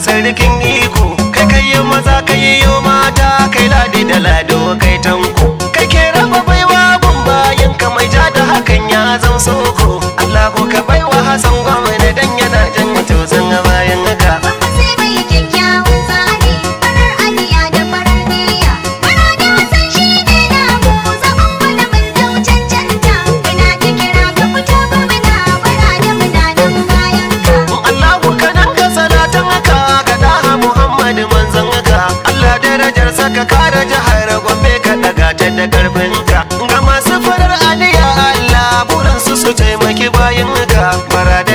sarkin iko kai kai maza kai saka ka kare jihar gombe ka daga ta da ta ga masu farar aliya Allah buransu su taimaki bayan ka